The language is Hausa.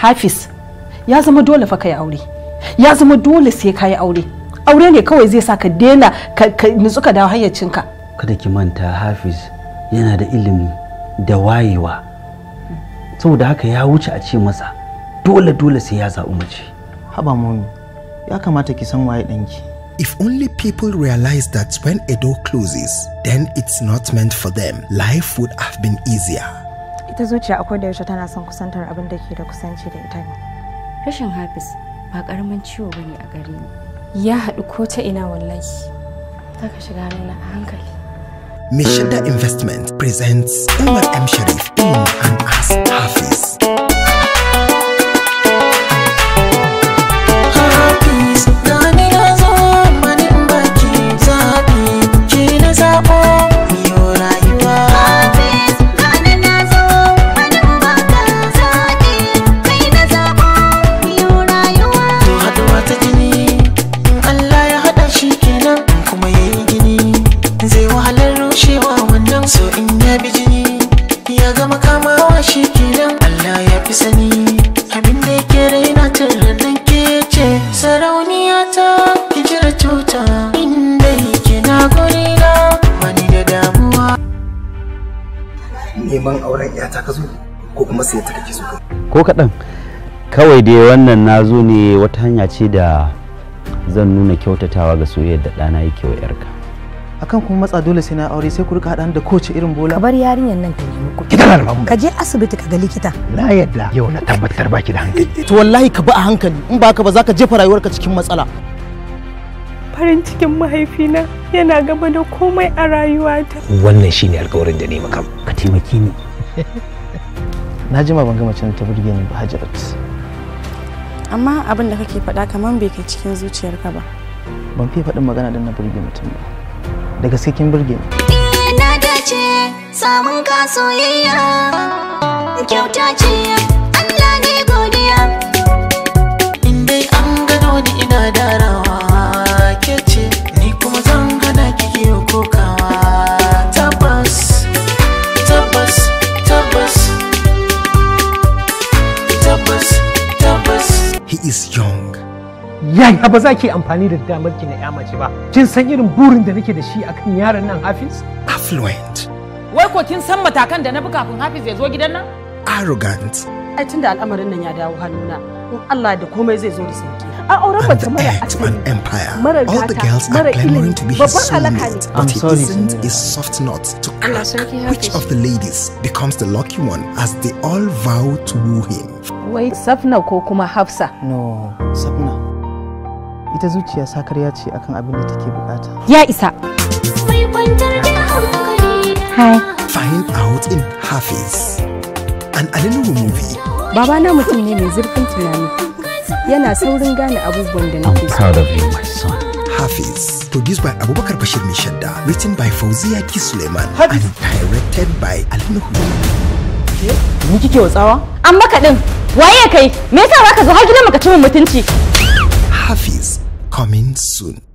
hafiz ya zama dole fa kai aure ya zama dole sai kai aure aure ne kawai zai sa ka daina ka nutsu ka dawo hayyacinka kada ki manta hafiz yana da ilimi da wayewa saboda haka ya wuce a ce masa dole dole sai ya zaɓi mace haba momi ya kamata ki san waye ɗanki If only people realize that when a door closes, then it's not meant for them, life would have been easier. Wata zuciya akwai da yaushe tana son kusantar abin da ke da kusanci da ita ne rashin hafis ba karamin ciwo bane a gare ni ya haɗu ko ta ina wallahi ta ka shiga nuna a hankali Mishinda Investment presents Umar M. Sharif in and as Hafiz. neman auren yata ka zo ko kuma sai ta kake so ka ko kaɗan kawai dai wannan na zo ne wata hanya ce da zan nuna kyautatawa ga soyayyar da ɗana yake wa yarka akan kuma matsa dole sai na aure sai ku rika haɗa da kowace irin bola kabar yarinyar nan ta nemi kuɗi kida malamu ka je asibiti ka ga likita na yadda yau na tabbatar baki da hankali to wallahi ka bi a hankali in ba ka ba zaka jefa rayuwarka cikin matsala farin cikin mahaifina yana gaba da komai a rayuwata. Wannan shine alkawarin da ne maka. Ka taimaki ni. Na jima ban gama cin ta burge ni ba Hajarat. Amma abin da kake faɗa kaman bai kai cikin zuciyarka ba. Ban fi faɗin magana don na burge mutum ba. Da gaske kin burge ni. Eh, na dace samun kasoyayya kyauta ce. is young. Yaya ba za ki amfani da damar ki na ya mace ba. Kin san irin burin da nake da shi akan yaron nan Hafiz? Affluent. Wai ko kin san matakan da na bi kafin Hafiz ya zo gidan nan? Arrogant. Ai tunda al'amarin nan ya dawo hannuna, in Allah da komai zai zo da sauki. an empire. All the girls are clamoring to be his soulmate, but he isn't a soft knot to crack which of the ladies becomes the lucky one as they all vow to woo him Wait, safna ko kuma hafsa no safna ita zuciya sakarya ce akan abin da take bukata ya isa Hi. Find out in Hafiz. An Alinuhu movie. Baba na mutum ne mai zurfin tunani. yana saurin gane abubuwan da nake so. proud of you, my son. Hafiz, produced by Abubakar Bashir Mishadda, written by Fauziya Ki Suleiman, and directed by Alinuhu. Ni kike watsawa? An maka din. Waye kai? Me yasa ka zo har gidan maka cimin mutunci? Hafiz, coming soon.